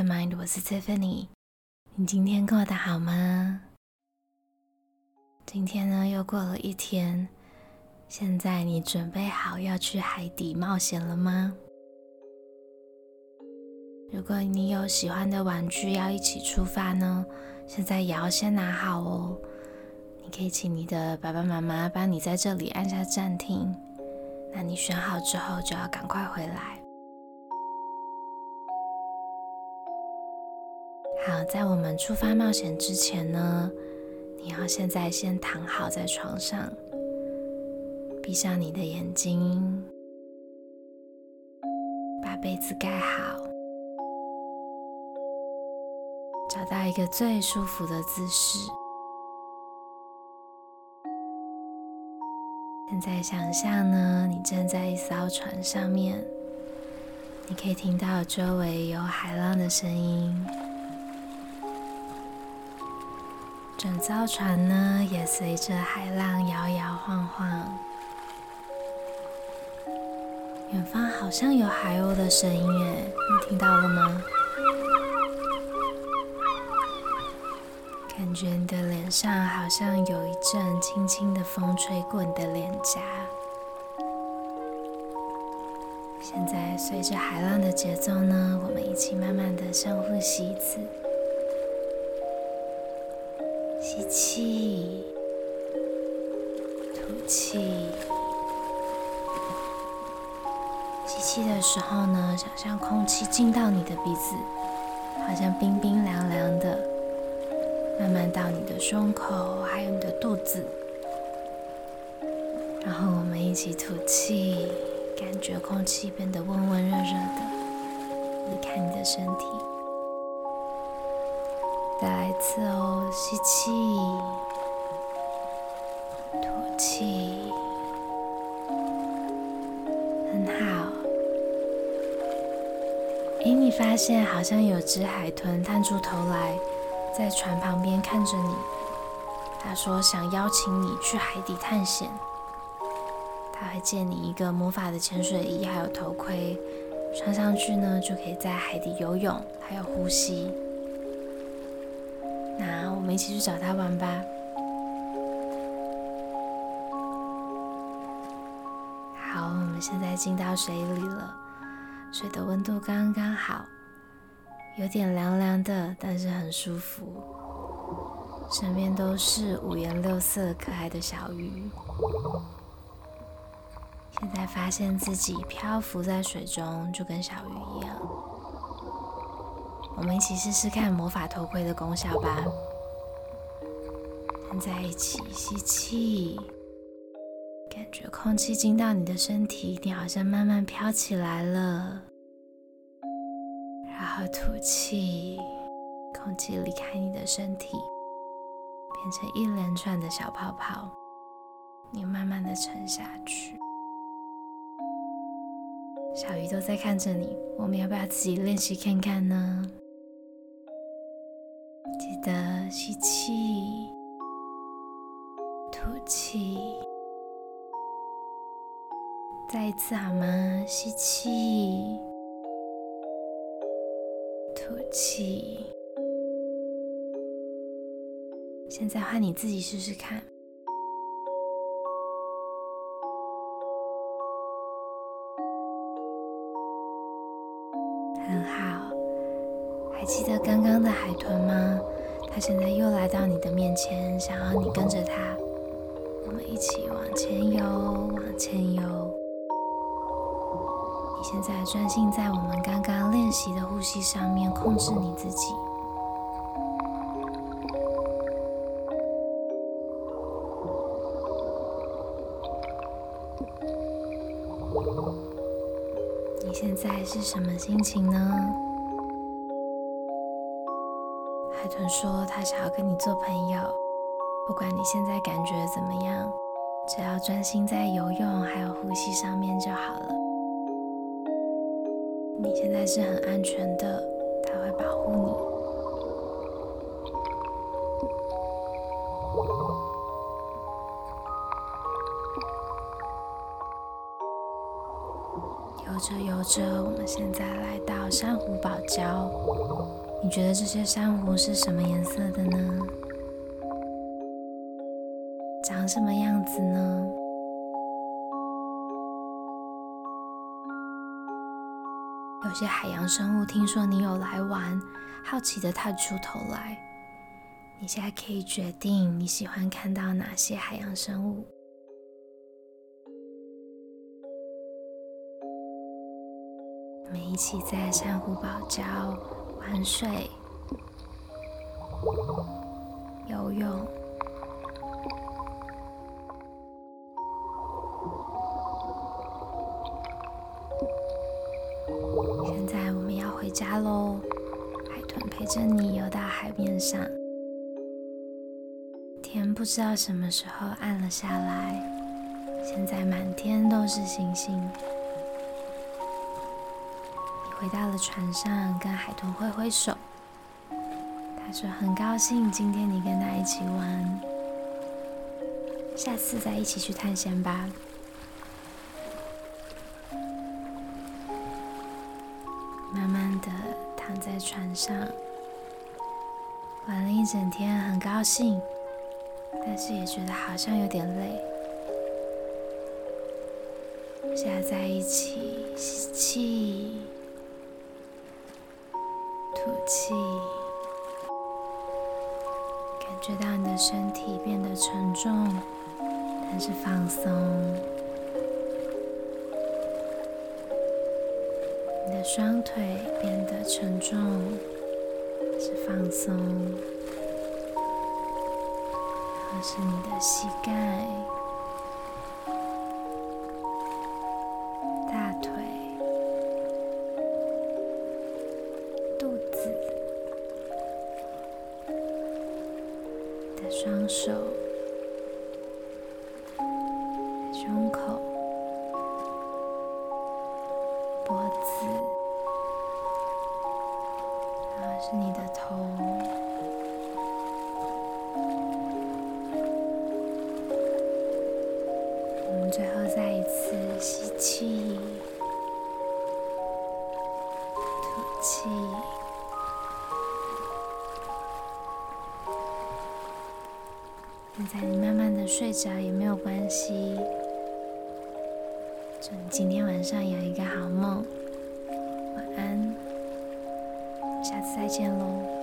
Mind，我是 Tiffany。你今天過得好嗎？今天呢，又過了一天。現在你準備好要去海底冒險了嗎？如果你有喜歡的玩具要一起出發呢，現在也要先拿好哦。你可以請你的爸爸媽媽幫你在這裡按下暫停。那你選好之後，就要趕快回來。好，在我們出發冒險之前呢，你要現在先躺好在床上，閉上你的眼睛，把被子蓋好，找到一個最舒服的姿勢。現在想象呢，你站在一艘船上面，你可以聽到周圍有海浪的聲音。整艘船呢，也隨着海浪搖搖晃晃。遠方好像有海鷗的聲音耶，你聽到了嗎？感覺你的臉上好像有一陣輕輕的風吹過你的臉頰。現在隨着海浪的節奏呢，我們一起慢慢的深呼吸一次。吸氣，吐氣。吸氣的時候呢，想象空氣進到你的鼻子，好像冰冰涼涼的，慢慢到你的胸口，還有你的肚子。然後我們一起吐氣，感覺空氣變得溫溫熱熱的，離開你的身體。再來一次哦，吸氣，吐氣，很好。咦、欸，你發現好像有隻海豚探出頭來，在船旁邊看着你。他說想邀請你去海底探險。他會借你一個魔法的潛水衣，還有頭盔，穿上去呢，就可以在海底游泳，還有呼吸。我們一起去找他玩吧。好，我們現在進到水裡了，水的溫度剛剛好，有點涼涼的，但是很舒服。身邊都是五顏六色、可愛的小魚。現在發現自己漂浮在水中，就跟小魚一樣。我們一起試試看魔法頭盔的功效吧。在一起吸氣，感覺空氣進到你的身體，你好像慢慢飄起來了。然後吐氣，空氣離開你的身體，變成一連串的小泡泡，你慢慢的沉下去。小魚都在看着你，我們要不要自己練習看看呢？記得吸氣。吐氣，再一次好嗎？吸氣，吐氣。現在換你自己試試看。很好，還記得剛剛的海豚嗎？它現在又來到你的面前，想要你跟着它。我們一起往前游，往前游。你現在專心在我們剛剛練習的呼吸上面，控制你自己。你現在是什麼心情呢？海豚說它想要跟你做朋友。不管你現在感覺怎麼樣，只要專心在游泳還有呼吸上面就好了。你現在是很安全的，它會保護你。游着游着，我們現在來到珊瑚堡礁。你覺得這些珊瑚是什麼顏色的呢？長什麼樣子呢？有些海洋生物聽說你有來玩，好奇的探出頭來。你現在可以決定你喜歡看到哪些海洋生物。我們一起在珊瑚堡礁玩水、游泳。回家嘍，海豚陪着你游到海面上，天不知道什麼時候暗了下來，現在滿天都是星星。你回到了船上，跟海豚揮揮手，他說很高興今天你跟他一起玩，下次再一起去探險吧。的躺在床上，玩了一整天，很高興，但是也覺得好像有點累。加在一起，吸氣，吐氣，感覺到你的身體變得沉重，但是放鬆。雙腿變得沉重，是放鬆，而是你的膝蓋、大腿、肚子的雙手、胸口。是你的頭，我們最後再一次吸氣，吐氣。現在你慢慢的睡着也沒有關係，祝你今天晚上有一個好夢。再見嘍。